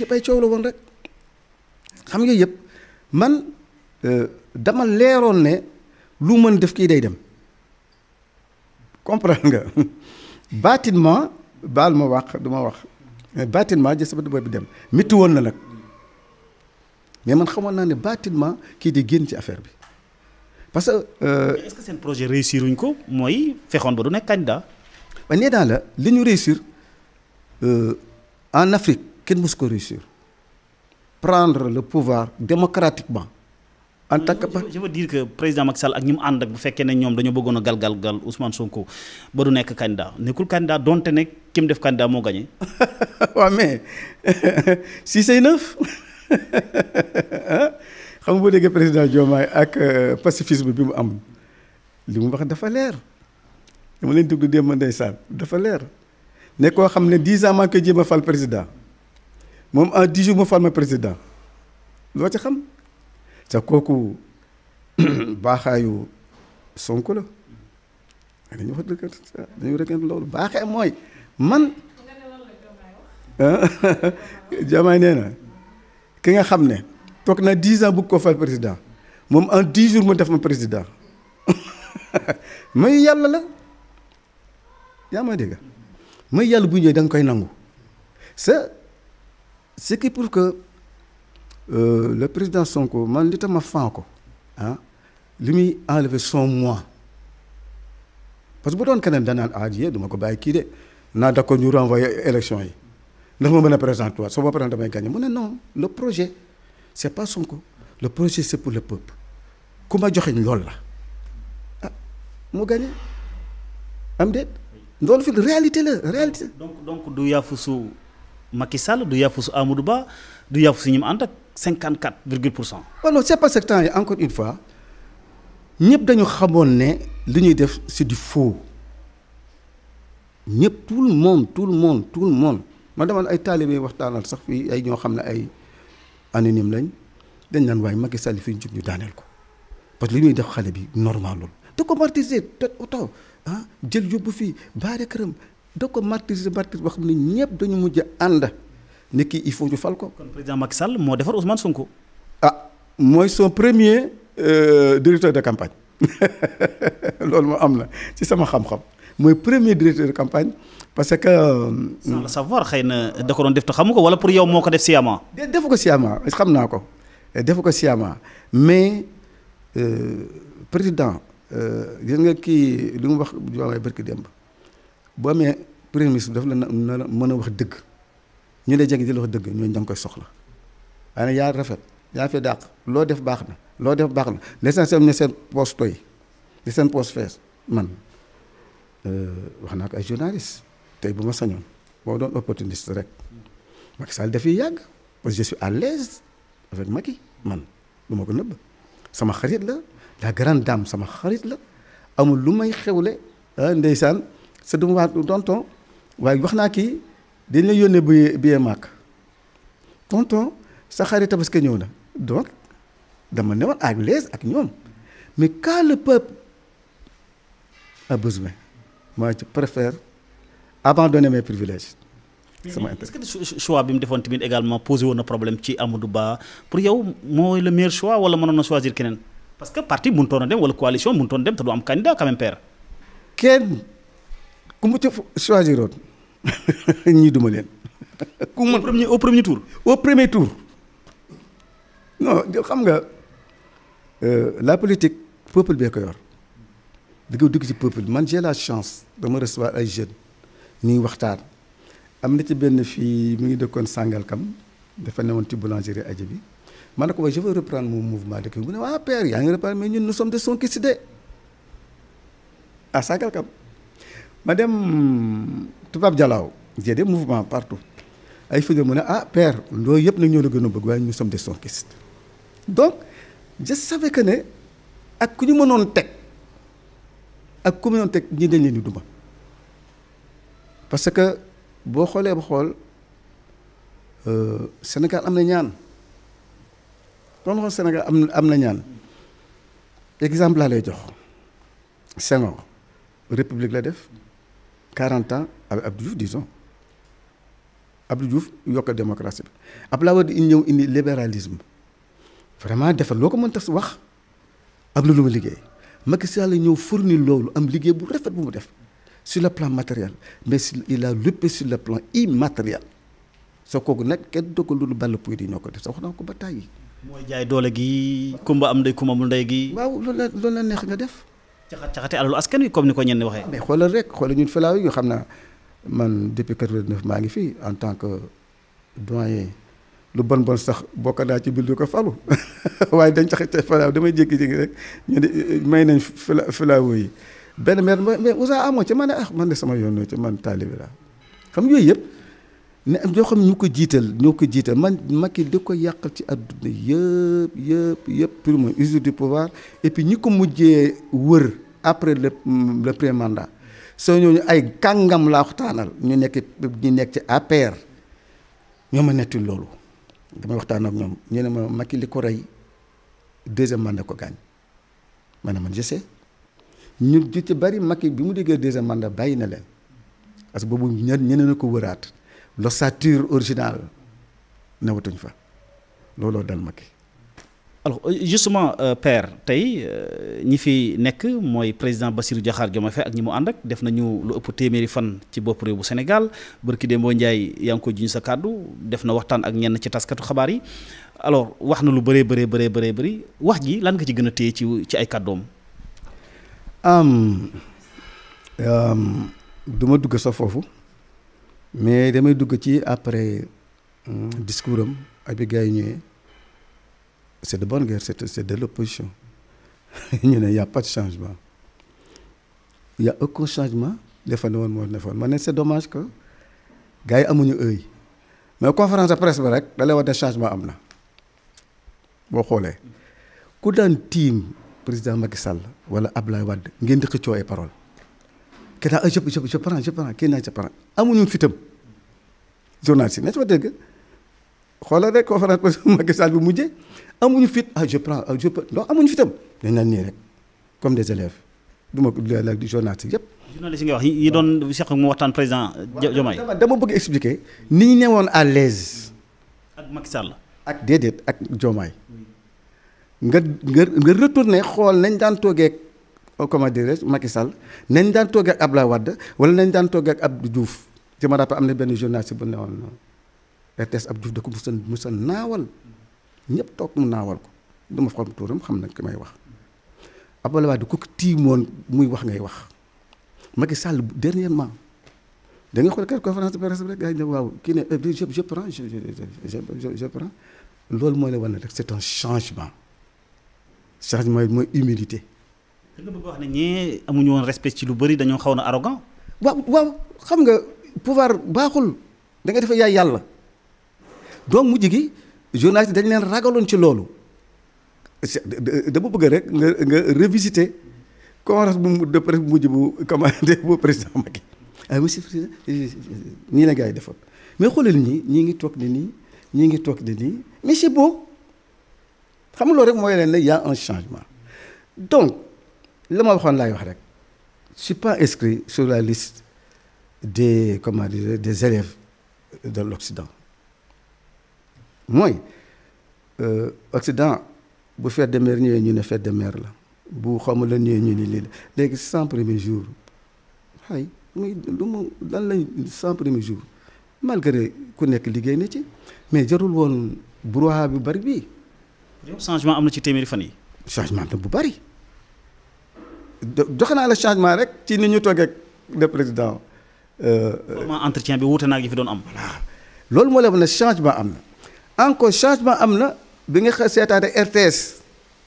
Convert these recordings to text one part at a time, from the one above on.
yëpp ay coow la woon rek xam nga yëpp man euh, dama leeroon ne lu mën def kii day dem comprendre nga bâtiment baal ma wax du ma wax bâtiment jël sama bopp bi dem métti na nag mais man xamoon naa ne bâtiment kii di génn ci affaire bi parce que. Euh, est seen projet réussir wuñ ko mooy fexoon ba du nekk candidat. waaye nee naa li ñu réussir euh, en Afrique. kenn su ko réussir prendre le pouvoir démocratiquement. en tant que je veux dire que président Macky Sall ak ñi mu ànd ak bu fekkee ne ñoom dañoo bëggoon a gal gal gal Ousmane Sonko ba du nekk candidat nekkul candidat donte ne ki mu def candidat moo gagné. waa mais si c'est neuf xam nga boo déggee président Diomaye ak euh, pacifisme bi bi mu am li mu wax dafa leer dama leen déglu démb ndeysaan dafa leer ne koo xam ne dix ans maa ngi jéem a fal président. moom en dix jours mu fal ma président loo ci xam te kooku baaxaayu Sonko la dañu wax dëgg dañu rëkkante loolu baaxee mooy man Diomaye nee na ki nga xam ne toog na dix ans bëgg ko fal président moom en dix jours mu def ma président may yàlla la yaa may dégg may yàlla bu ñëwee danga koy nangu sa ce qui pour que euh, le président Sonko man li ma fan ko ah li muy enlever son mois parce que bu doon keneen danaan aajiyee ah, du ma ko bàyyi kii de naa da ko ñu renvoyer élection yi ndax ma mën a présenter waat soo ma présenter damay gagné mu ne non le projet c'est pas Sonko le projet c'est pour le peuple ku ma joxeñ loolu la ah mu gagné am déet loolu fi réalité la réalité. donc donc du Yafoussou. Macky Sall du yàfusu Amadou Ba du yàfusu ñi mu ànd ak 54 virgule pour cent. waaw non c'est parce que temps yi encore une fois ñëpp dañu xamoon ne li ñuy def c'est du faux ñëpp tout le monde tout le monde tout le monde ma demal ay taalibe waxtaanal sax fii ay ñoo xam ne ay anonyme lañ dañ naan waaye Macky Sall fi ñu jub ñu daaneel ko parce que li ñuy def xale bi normalul te ko martyriser te oto ah jël yóbbu fi baare këram da ko martyrisé martyrisé boo xam ne ñëpp dañu mujj ànd ne kii il faut ñu fal ko. kon président Macky Sall moo defar Ousmane Sonko. ah mooy soo premier euh, directeur de campagne loolu moo am na ci sama xam-xam mooy premier directeur de campagne parce que. Euh, sans le savoir xëy na da ko def te xamu ko wala pour yow moo ko def sciemment. defu ko sciemment xam naa ko eh, defu ko sciemment mais euh, président euh, gis nga kii li mu wax Diomaye barki démb. boo amee premier ministre daf la na la mën a wax dëgg ñu lay jege di la wax dëgg ñooñu da nga koy soxla waaye nag yaa rafet yaa fi dàq loo def baax na loo def baax na l'essentiel ne seen poste toy di seen poste fees man euh, wax naa ko ay journaliste tey bu ma sañoon boo doon opportuniste rek Macky Sall dafiy yàgg parce que je suis à ma avec man lu ma ko nëbb sama xarit la la grande dame sama xarit la amul lu may xewle ah ndeysaan sa duma waa tonton waaye wax naa kii dañ la yónnee bi billet màkk tonton sa xarit tabaski ñëw na donc dama ne woon à l'aise ak ñoom mais quand le peuple a besoin moi je préfère abandonner mes privilèges. sama intérêt est-ce que choix bi mu defoon tamit également posé woon na problème ci Amadou Ba pour yow mooy le meilleur choix wala mënoon na choisir keneen parce que parti mënutoon a dem wala coalition mënutoon dem te du am candidat quand même père. kenn. ku mu ci choisir ñii duma leen. ku mu premier au premier tour. au premier tour non xam nga euh, la politique peuple bee ko yor di ko dugg ci peuple man j'ai la chance dama recevoir ay jeunes ñuy waxtaan am na ci benn fii mi ngi dëkkoon Sangalkam dafa newoon ci boulangerie aji bi man ne ko waaye je veux reprendre mon mouvement a kii mu ne waa ah, père yaa ngi reprendre mais ñun nous sommes de Sonkissi de à Sangalkam. ma dem tubaab jalaaw j'ai des mouvements partout ay fude mu ne ah per loolu yëpp nag ñoo la gën a bëgg waaye ñu sommes des sonkistes donc je savais que ne ak ku ñu mënoon teg ak ku mënoon teg ñii dañ leen di duma parce que boo xoolee ba xool euh, Sénégal am na ñaan doon xool Sénégal am am na ñaan exemple laa lay jox Senghor république la def 40 ans avec Abdou Diouf disons Abdou Diouf yokk démocratie bi Abdoulaye Wade di ñëw indi libéralisme vraiment defar loo ko mën tas wax ak lu mu liggéey Macky Sall ñëw fournir loolu am liggéey bu rafet bu mu def si le plan matériel mais il a léppé sur le plan immatériel soo kooku nag kenn doo ko loolu ball puy di ñoo ko def sax wax naa ko ba tàyyi mooy jaay doole gi kumba am ndey kumba amul ndey gi waaw lool la loolu la neex nga def caxat caxate alalu askan wi comme ni ko ñenn waxee. mais xoolal rek xoolal ñun falaaw yi nga xam naa man depuis 89 maa ngi fii en tant que doyen lu bon bon sax bokk naa ci biir du ko falu waaye dañ caxate falaaw damay jékki-jékki rek ñu ne may nañ fila filaaw yi benn maire mais Ousa amoo ci man ne ah man de sama yoon ci man taalibi xam yooyu yëpp. ne am ñoo xam ñu ko jiital ñoo ko jiital man Macky di ko yàqal ci àdduna yëpp yëpp yëpp pour mooy usure du pouvoir et puis ñi ko mujjee wër après le le premier mandat soo ñooñu ay kàngam laa waxtaanal ñu nekk ñu nekk ci APR ñoo ma nettul loolu damay waxtaan ak ñoom ñu ma Macky li ko rey deuxième mandat ko gaañ ma ne man je sais ñu ci bari Macky bi mu déggee deuxième mandat bàyyi na leen parce que boobu ñeneen ñeneen a ko wëraat. l'ossature originale newatuñ fa looloo dal Macky alors euh, justement euh, père tey euh, ñi fi nekk mooy président Bassirou Diakhar Diomaye Faye ak ñi mu ànd ak def nañu lu ëpp téeméeri fan ci bopp réew bu Sénégal barki Dembo Ndiaye yaa ngi ko juñ sa kàddu def na waxtaan ak ñenn ci taskatu xabaar yi alors wax na lu bëree bëree bëree bëree bëri wax ji lan nga ci gën a téye ci ci ay kàddoom. du dugg sa foofu. mais damay dugg ci après hmm, discours am ak bi gars yi ñëwee c' est de bonne guerre c' est c' est de l' ñu ne y' a pas de changement y' a aucun changement defa ne woon moo defoon ma ne c' est dommage que gars yi amuñu œil mais conférence de presse ba rek da lay changement am na boo xoolee ku daan tiim président Macky Sall wala Abdoulaye Wade ngeen di xëccoo ay parole que daal je je je prends je prends kii naa je prends amuñu fitam journaliste rek conférence parce que Macky Sall bi amuñu fit ah je prends ah, donc amuñu fitam dañ naan nii rek comme des élèves du ma laaj du journaliste yëpp. journaliste yi nga wax yi doon seq mu waxtaan président euh, Diomaye. dama bëgg expliquer ni ñu newoon à l'aise ak Macky Sall. ak déedéet ak Diomaye. nga nga nga xool nañ daan toogee. comment dirais-je Macky Sall nañ daan toog ak Abdoulaye Wade wala nañ daan toog ak Abdou Diouf je me rappelle am na benn journaliste bu ne woon RTS Abdou Diouf da ko musa musa naawal ñëpp toog mu naawal ko du ma xam tuuram xam nañ ki may wax Abdoulaye Wade ku ko tiimoon muy wax ngay wax Macky Sall dernièrement da nga xool conférence de presse rek gars yi ne waaw kii ne euh, je je je je je loolu mooy la wan rek c'est un changement changement mooy humilité da nga bëgg wax ne ñee amuñu woon lu bëri dañoo xaw na arrogant. waaw waaw xam nga pouvoir baaxul da nga def yaay yàlla donc mujj gi journaliste dañ leen ragaloon ci loolu dama bëgg rek nga nga revisiter conférence bu de presse bu mujj bu boo président Macky ah monsieur président nii la gars yi defoon mais xoolal ñii ñii ngi toog ni nii ñii ngi toog di nii mais c'est beau xam nga loolu rek mooy leen ne y a un changement donc. li ma waxoon laay wax rek je pas inscrit sur la liste des comment dire des élèves de l'Occident mooy euh, Occident bu fête des mères ñëwee ñu ne fête de mères la bu xawma la ñëwee ñu ni lii la léegi cent premiers jours ay muy lu mu lan lañ cent premiers jours malgré ku nekk liggéey na ci mais jarul woon brouhaha bu bari bii. changement am na ci téeméeri fan yi. changement bu bari. joxe naa la changement rek ci ni ñu toogee le président. format euh, euh, entretien bi wuute naa yi fi doon am. loolu moo la wax ne changement am na encore changement am na bi nga xa seetaate RTS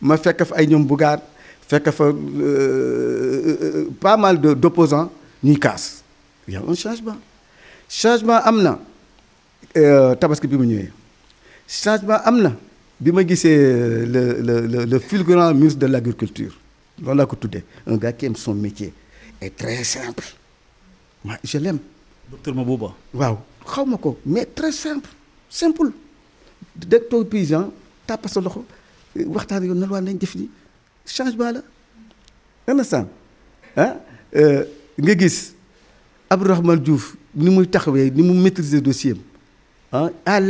ma fekk fa ay ñoom bugaar fekk fa euh, pas mal de d'opposants ñuy kaas y a changement changement am na tabaski bi mu ñëwee changement am na bi ma gisee le le le le fulgurant ministre de l'agriculture loolu laa ko tuddee un gars son métier est très simple ma je l'aime docteur Mabouba waaw xaw ma ko mais très simple simple dëkk toog paysan tàppa sa loxo waxtaan yoon na lu waa nañ ni changement la anasaan ah euh, nga gis Abdourahmane Diouf ni muy taxawee ni mu maîtriser dossier am ah à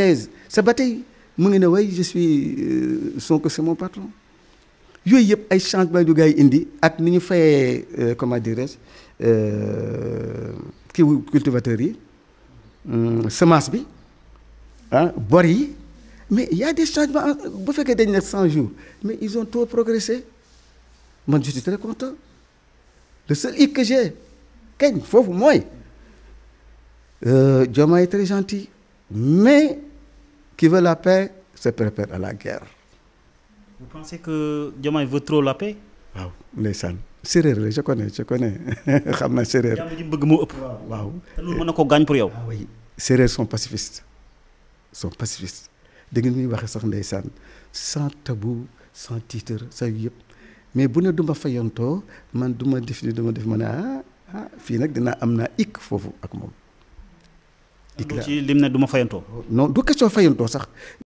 sa ba tey mu ngi ne way je suis euh, Sonko c'est patron yooyu yëpp ay changement yu gars indi ak ni ñu fayee euh, comment dirais-je euh, kii cultivateurs yi semence bi ah bor yi mais yaa a des bu fekkee dañ nekk cent jours mais ils ont trop progressé man je suis content le seul hic que j'ai foofu mooy euh, Diomaye est très gentil mais qui veut la paix se prépare à la guerre vous pensez que Diomaye veut trop la paix. waaw ndeysaan séeréer la je connais xam naa séeréer. jàmm ji bëgg moo ëpp. waaw te loolu mën na ko gaañ pour yow. waaw ah séeréer sont pacifistes sont pacifistes da ngeen muy waxee sax ndeysaan sans tabou sans titre sa yëpp mais bu ne du ma fayantoo man duma ma def ni du def ma ne ah ah fii nag dinaa am naa ikk foofu ak moom. ikk la ci du ma fayantoo. sax.